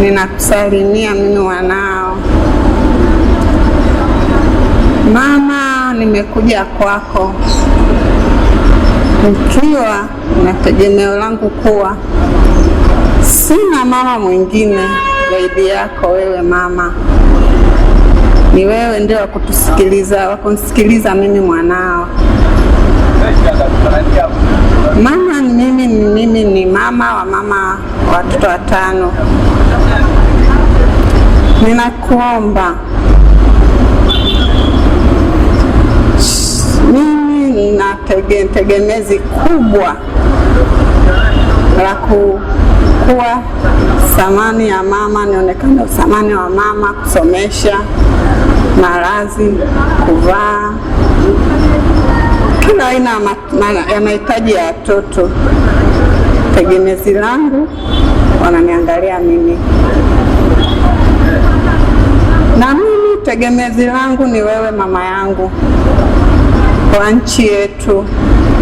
ninakusalimia mimi mwanao. Mama, nimekuja kwako nikiwa na tegemeo langu kuwa sina mama mwingine zaidi yako wewe. Mama, ni wewe ndio wakutusikiliza, wakunsikiliza mimi mwanao. Mama mimi, ni mimi ni mama wa mama watoto watano ninakuomba mimi nina tege, tegemezi kubwa la kuwa thamani ya mama, nionekane thamani wa mama, kusomesha, malazi, kuvaa, kila aina ya mahitaji ya watoto. Tegemezi langu wananiangalia mimi na mimi tegemezi langu ni wewe mama yangu, kwa nchi yetu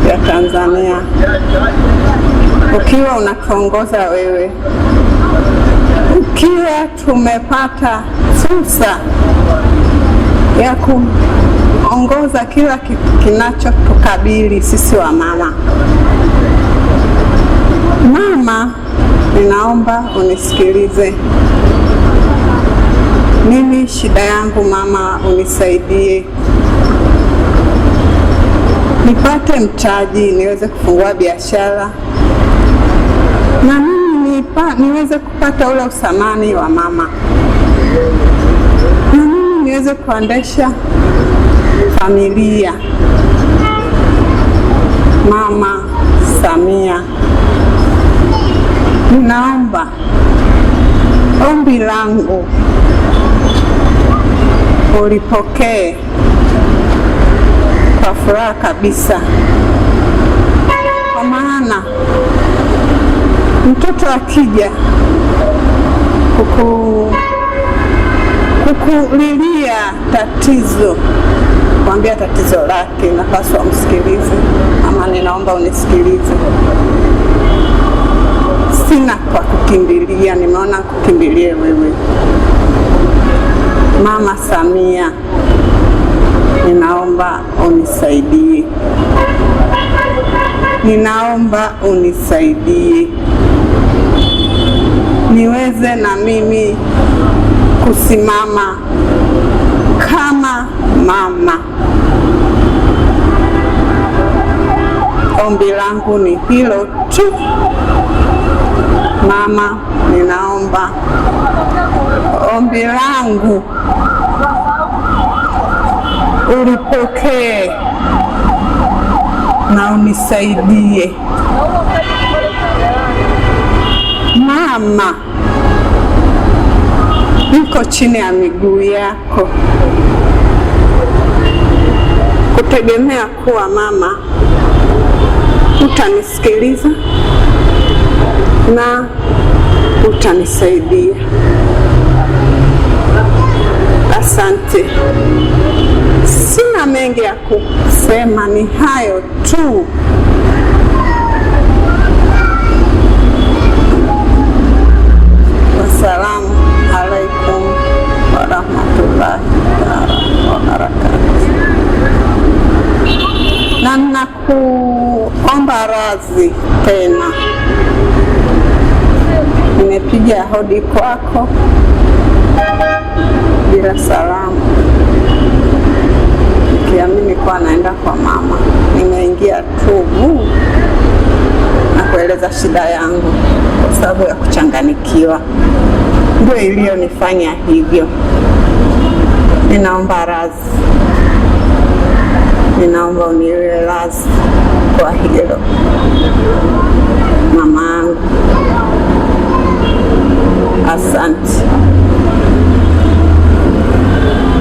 ya Tanzania, ukiwa unatuongoza wewe, ukiwa tumepata fursa ya kuongoza kila kinachotukabili sisi wa mama. Mama, ninaomba unisikilize. Mimi shida yangu mama, unisaidie nipate mtaji niweze kufungua biashara na mimi niweze kupata ule usamani wa mama na mimi niweze kuendesha familia. Mama Samia, ninaomba ombi langu ulipokee kwa furaha kabisa, kwa maana mtoto akija kuku kukulilia tatizo, kuambia tatizo lake, napaswa umsikilize. ama ninaomba unisikilize, sina kwa kukimbilia, nimeona kukimbilie wewe. Mama Samia, ninaomba unisaidie, ninaomba unisaidie niweze na mimi kusimama kama mama. Ombi langu ni hilo tu. Mama, ninaomba ombi langu ulipokee na unisaidie mama, niko chini ya miguu yako, kutegemea kuwa mama utanisikiliza na utanisaidia. Asante. Sina mengi ya kusema, ni hayo tu. Wassalamu alaikum warahmatullahi wabarakatuh. Na nakuomba radhi tena, nimepiga hodi kwako bila salamu, nikiamini kuwa naenda kwa mama. Nimeingia tu na kueleza shida yangu kwa sababu ya kuchanganikiwa, ndio iliyonifanya hivyo. Ninaomba razi ninaomba uniwe razi kwa hilo mama yangu. Asante.